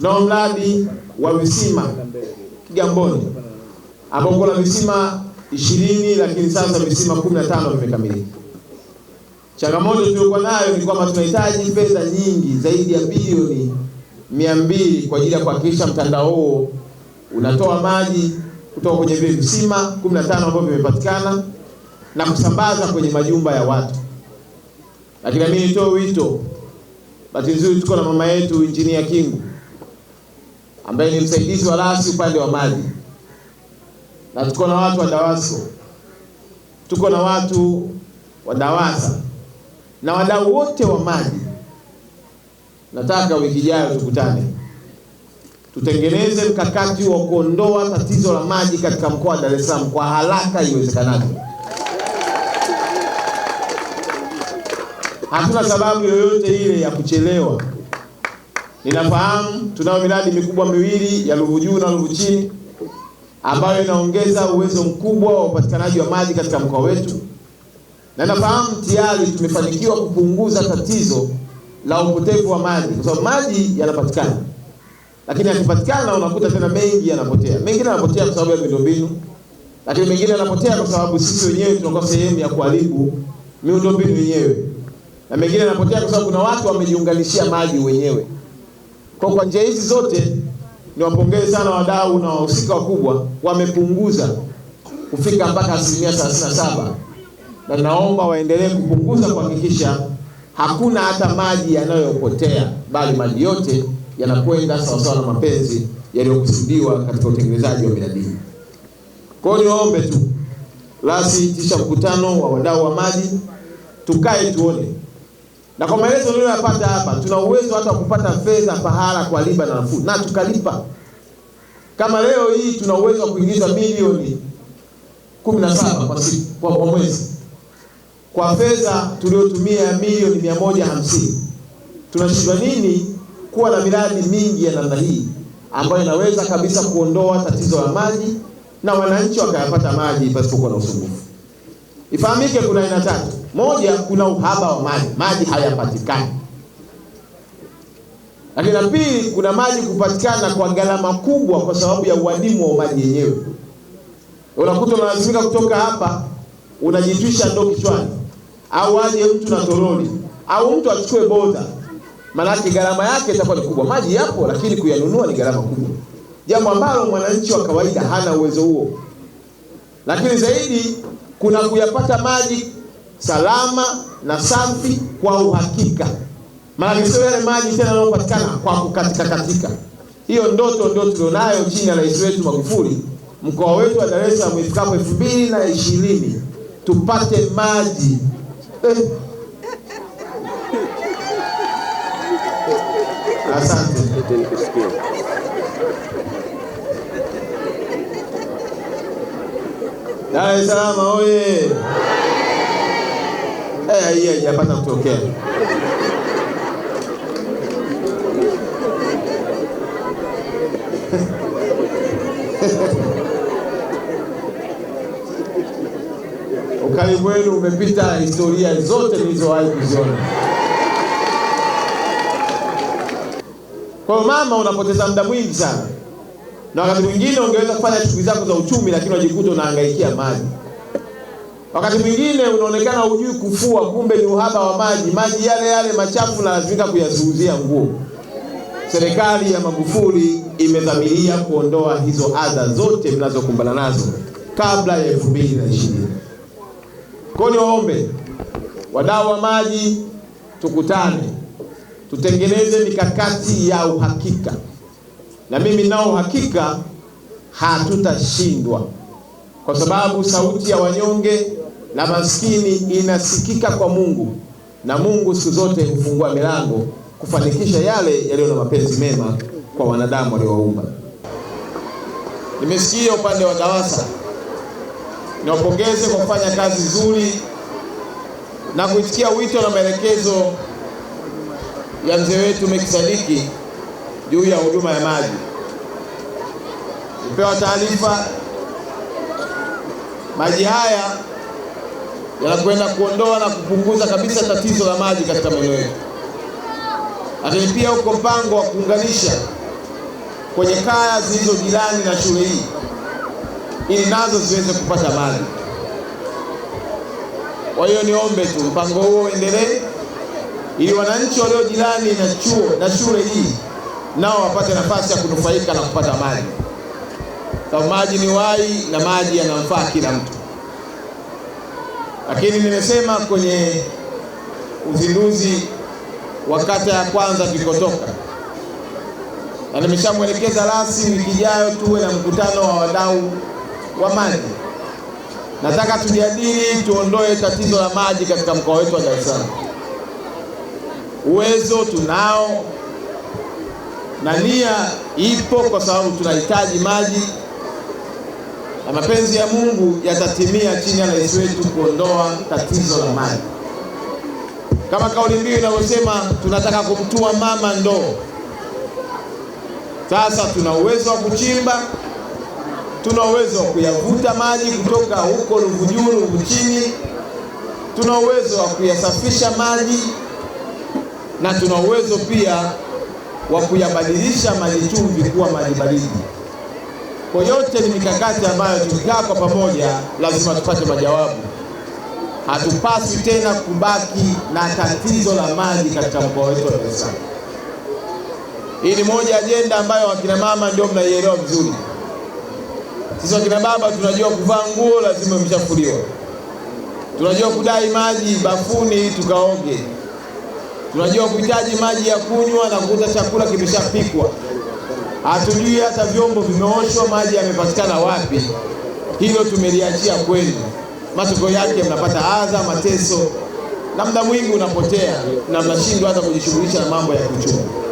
Tunao mradi wa visima Kigamboni ambao kuna visima ishirini lakini sasa visima kumi na tano vimekamilika. Changamoto tuliyokuwa nayo ni kwamba tunahitaji fedha nyingi zaidi ya bilioni mia mbili kwa ajili ya kuhakikisha mtandao huo unatoa maji kutoka kwenye vile visima 15 ambavyo vimepatikana na kusambaza kwenye majumba ya watu. Lakini mimi nitoe wito, bahati nzuri tuko na mama yetu Injinia Kingu ambaye ni msaidizi wa rasi upande wa maji, na tuko na watu wa DAWASO, tuko na watu wa DAWASA na wadau wote wa maji. Nataka wiki ijayo tukutane, tutengeneze mkakati wa kuondoa tatizo la maji katika mkoa wa Dar es Salaam kwa haraka iwezekanavyo. Hatuna sababu yoyote ile ya kuchelewa. Ninafahamu tunayo miradi mikubwa miwili ya Ruvu Juu na Ruvu Chini ambayo inaongeza uwezo mkubwa wa upatikanaji wa maji katika mkoa wetu, na nafahamu tayari tumefanikiwa kupunguza tatizo la upotevu wa maji, kwa sababu maji yanapatikana, lakini yakipatikana unakuta tena mengi yanapotea. Mengine yanapotea kwa sababu ya miundombinu, lakini mengine yanapotea kwa sababu sisi wenyewe tunakuwa sehemu ya kuharibu miundombinu yenyewe, na mengine yanapotea kwa sababu kuna watu wamejiunganishia maji wenyewe. Kwa kwa njia hizi zote niwapongeze sana wadau na wahusika wakubwa, wamepunguza kufika mpaka asilimia 37, na naomba waendelee kupunguza kuhakikisha hakuna hata maji yanayopotea, bali maji yote yanakwenda sawasawa na mapenzi yaliyokusudiwa katika utengenezaji wa miradi hii. Kwa hiyo niwaombe tu, rasi tisha mkutano wa wadau wa maji, tukae tuone na kwa maelezo niliyoyapata hapa, tuna uwezo hata kupata fedha pahala kwa riba nafuu na tukalipa. Kama leo hii tuna uwezo wa kuingiza milioni 17 kwa siku kwa mwezi, kwa fedha tuliotumia milioni 150. Tunashindwa nini kuwa na miradi mingi ya namna hii ambayo inaweza kabisa kuondoa tatizo la maji na wananchi wakayapata maji pasipokuwa na usumbufu? Ifahamike kuna aina tatu moja, kuna uhaba wa maji, maji hayapatikani. Lakini la pili, kuna maji kupatikana kwa gharama kubwa, kwa sababu ya uadimu wa maji yenyewe. Unakuta unalazimika kutoka hapa, unajitwisha ndoo kichwani, au aje mtu na toroli, au mtu achukue boda, maanake gharama yake itakuwa ni kubwa. Maji yapo, lakini kuyanunua ni gharama kubwa, jambo ambalo mwananchi wa kawaida hana uwezo huo. Lakini zaidi kuna kuyapata maji salama na safi kwa uhakika, maana sio yale maji tena yanayopatikana kwa kukatika katika. Hiyo ndoto ndio tulionayo chini ya rais wetu Magufuli, mkoa wetu wa Dar es Salaam ifikapo elfu mbili na ishirini tupate maji eh. Asante. Dar es Salaam oye! Eh, hiyo haijapata kutokea. Ukarimu wenu umepita historia zote nilizowahi kuziona. Kwa mama, unapoteza muda mwingi sana, na wakati mwingine ungeweza kufanya shughuli zako za uchumi, lakini unajikuta unahangaikia maji. Wakati mwingine unaonekana hujui kufua, kumbe ni uhaba wa maji. Maji yale yale machafu nalazimika kuyazuuzia nguo. Serikali ya Magufuli imedhamiria kuondoa hizo adha zote mnazokumbana nazo kabla ya 2020. Kwa hiyo niwaombe wadau wa maji, tukutane, tutengeneze mikakati ya uhakika, na mimi nao uhakika hatutashindwa, kwa sababu sauti ya wanyonge na maskini inasikika kwa Mungu, na Mungu siku zote hufungua milango kufanikisha yale yaliyo na mapenzi mema kwa wanadamu waliowaumba. Nimesikia upande wa DAWASA, niwapongeze kwa kufanya kazi nzuri na kuitikia wito na maelekezo ya mzee wetu Mekisadiki juu ya huduma ya maji. Nipewa taarifa maji haya yanakwenda kuondoa na kupunguza kabisa tatizo la maji katika maeneo yetu. Lakini pia uko mpango wa kuunganisha kwenye kaya zilizo jirani na shule hii ili nazo ziweze kupata maji. Kwa hiyo niombe tu mpango huo uendelee ili wananchi walio jirani na chuo na shule hii nao wapate nafasi ya kunufaika na kupata maji, sababu maji ni uhai na maji yanamfaa kila mtu. Lakini nimesema kwenye uzinduzi wa kata ya kwanza tulikotoka, na nimeshamwelekeza rasmi, wiki ijayo tuwe na mkutano wa wadau wa maji. Nataka tujadili tuondoe tatizo la maji katika mkoa wetu wa Dar es Salaam. Uwezo tunao na nia ipo, kwa sababu tunahitaji maji na mapenzi ya Mungu yatatimia chini ya rais wetu kuondoa tatizo la maji, kama kauli mbiu inavyosema, tunataka kumtua mama ndoo. Sasa tuna uwezo wa kuchimba, tuna uwezo wa kuyavuta maji kutoka huko Ruvu juu, Ruvu chini, tuna uwezo wa kuyasafisha maji na tuna uwezo pia wa kuyabadilisha maji chumvi kuwa maji baridi. Kwa yote ni mikakati ambayo tukikaa kwa pamoja lazima tupate majawabu. Hatupaswi tena kubaki na tatizo la maji katika mkoa wetu wa Dar es Salaam. Hii ni moja ajenda ambayo wakina mama ndio mnaielewa vizuri. Sisi wakina baba tunajua kuvaa nguo lazima imeshafuliwa, tunajua kudai maji bafuni tukaoge, tunajua kuhitaji maji ya kunywa na kuuza chakula kimeshapikwa hatujui hata vyombo vimeoshwa, maji yamepatikana wapi. Hilo tumeliachia kwenu. Matokeo yake mnapata adha, mateso na muda mwingi unapotea na mnashindwa hata kujishughulisha na mambo ya kuchuma